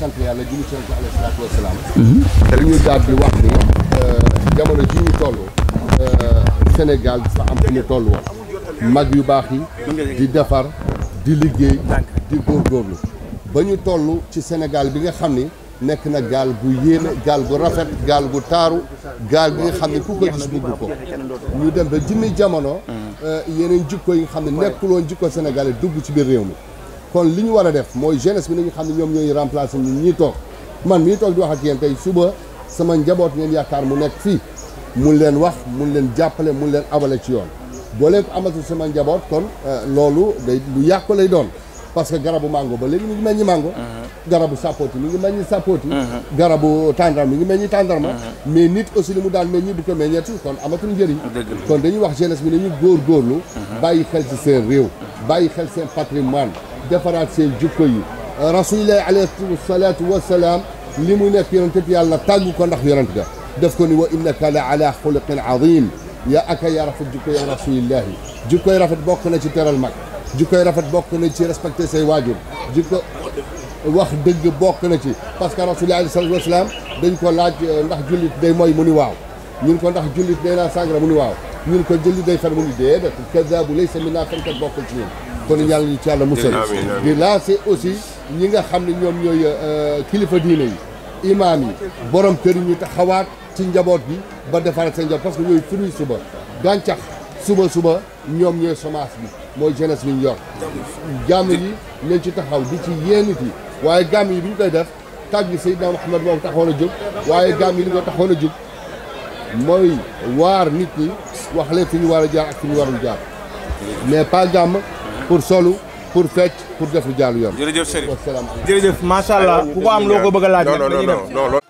sant yàlla julli ci yonent alayhi daal di wax ni euh, jamono ji ñu toll euh, Sénégal dafa am fu mu toll mag yu baax yi di defar di liggéey di góorgóorlu ba ñu toll ci Sénégal bi nga xam ni nekk na gaal gu yéeme gaal gu rafet gaal gu taaru gaal gi nga xam ne ku ko gis bëgg ko ñu dem ba jimmi jamono mm. euh, yeneen jikko yi nga xam ne nekkuloon jikko Sénégal dugg ci biir réew mi kon li ñu war a def mooy jeunesse bi nañu xam ne ñoom ñooy remplacer ñun ñii toog man mii toog di wax ak yéen tey suba sama njaboot ngeen yaakaar mu nekk fii mun leen wax mun leen jàppale mun leen abale ci yoon boo leen ko amatul sama njaboot kon euh, loolu day lu yàqu lay doon parce que garabu mango ba léegi mi ngi meññi mango uh-huh. garabu sapooti mi ngi meññi sapooti uh-huh. garabu tàndar mi ngi meññi tàndarma uh-huh. mais nit aussi li mu daan meññi du ko meññeeti kon amatul njëriñ kon dañuy wax jeunesse bi nañu góor góorlu bàyyi xel ci seen bàyyi xel seen patrimoine defaraat seen jukko yi rasulillahi alayhi salaatu wasalaam li mu nekk yonente bi yàlla tàggu ko ndax yonente ga def ko ni wa innaka la ala xuluqin azim yaa aka yaa rafet jukko yow rasulillahi jukkoy rafet bokk na ci teral mag jukkoy rafet bokk na ci respecté say waajur jukko wax dëgg bokk na ci parce que rasulillahi alayhi salaatu wasalaam dañ ko laaj eh, ndax jullit day mooy mu ni waaw ñun ko ndax jullit day naa sàngara mu ni waaw ñun ko jullit day fer mu ni déedéet kadaabu laysa minna fenkat bokkul ci ñun kon yàlla ñu ci yàlla musal di lancé aussi ñi nga xam ne ñoom ñooy euh, kilifa diine yi imaam yi boroom kër yi ñu taxawaat ci njaboot bi ba defaral seen njaboot parce que ñooy fruit suba gàncax suba suba ñoom ñooy semence bi mooy jeunesse bi ñu yor gàmm yi nañ ci taxaw di ci yéenit yi waaye gàmm yi bi ñu koy def tàgg Seydina Muhammad moom taxoon a jóg waaye gàmm yi li moo taxoon a jóg mooy waar nit ñi wax leen fi ñu war a jaar ak fi ñu warul jaar mais gàmm pour solo pour fecc pour def lu jaalu yoon. jërëjëf Serigne jërëjëf macha allah ku ko am loo ko bëgg a laaj. non non